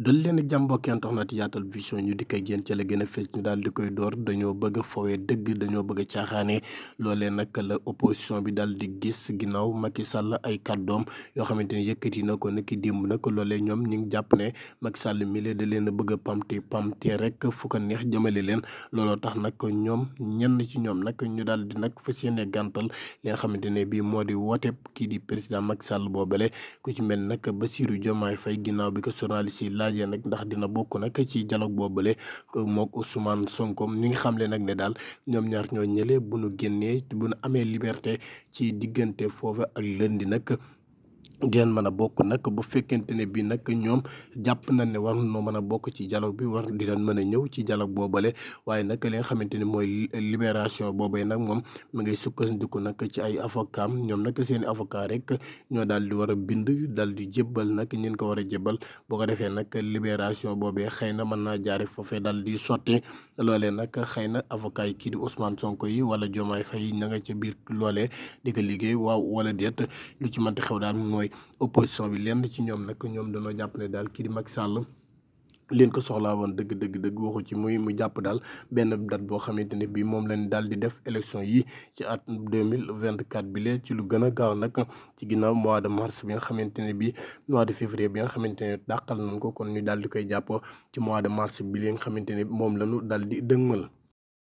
dal leen ak jàmm mbokk internet yaatal vision ñu dikk ak yéen ci la gën a fees ñu daal di koy door dañoo bëgg a dëgg dañoo bëgg a caaxaanee loolee nag la opposition bi daal di gis ginnaaw Macky Sall ay kàddoom yoo xamante ni yëkkati na ko nag démb nag loolee ñoom ñu ngi jàpp ne Macky Sall mi lee da leen a bëgg a pamti pamti rek fu ko neex jëmale leen looloo tax nag ñoom ñenn ci ñoom nag ñu daal di nag fas yéene gàntal li nga xamante ne bii moo di woote kii di président Macky Sall boobale ku ci mel nag Bassirou Diomaye Faye ginnaaw bi ko journaliste laajee nag ndax dina bokk nag ci dialogue boobule euh, mook Ousmane Sonko ni nga xam le nag ne daal ñoom ñaar ñoo ñële bu nu génnee bu nu amee liberté ci diggante foofu ak lëndi nag ngeen mën a bokk nag bu fekkente ne bii nag ñoom jàpp nañ ne war noo mën a bokk ci dialogue bi war di leen mën a ñëw ci dialogue boobale waaye nag li nga xamante ni mooy libération boobee nag moom mu ngay sukkandiku nag ci ay avocat ñoom nag seen i rek ñoo daal di war a bind daal di jébbal nag ñin ko war a jébbal boo ko defee nag libération boobee xëy na mën naa jaare foofee daal di sotti loolee nag xëy na avocat yi kii di Ousmane Sonko yi wala Diomaye Faye na nga ca biir loolee di ko liggéey waaw wala déet lu ci mënti xew daal mooy opposition bi lenn ci ñoom nag ñoom dañoo jàpp ne daal kii di Macky Sall leen ko soxlaa woon dëgg dëgg dëgg waxu ci muy mu jàpp daal benn date boo xamante ne bii moom lañ daal di def élection yi ci at deux mille vingt quatre bi ci lu gën a gaaw ci ginnaaw mois de mars bi nga xamante ne bii mois de février bi nga xamante ne dàqal nañ ko kon ñu daal di koy jàppoo ci mois de mars bi lee nga xamante ne moom lañu daal di dëgmal.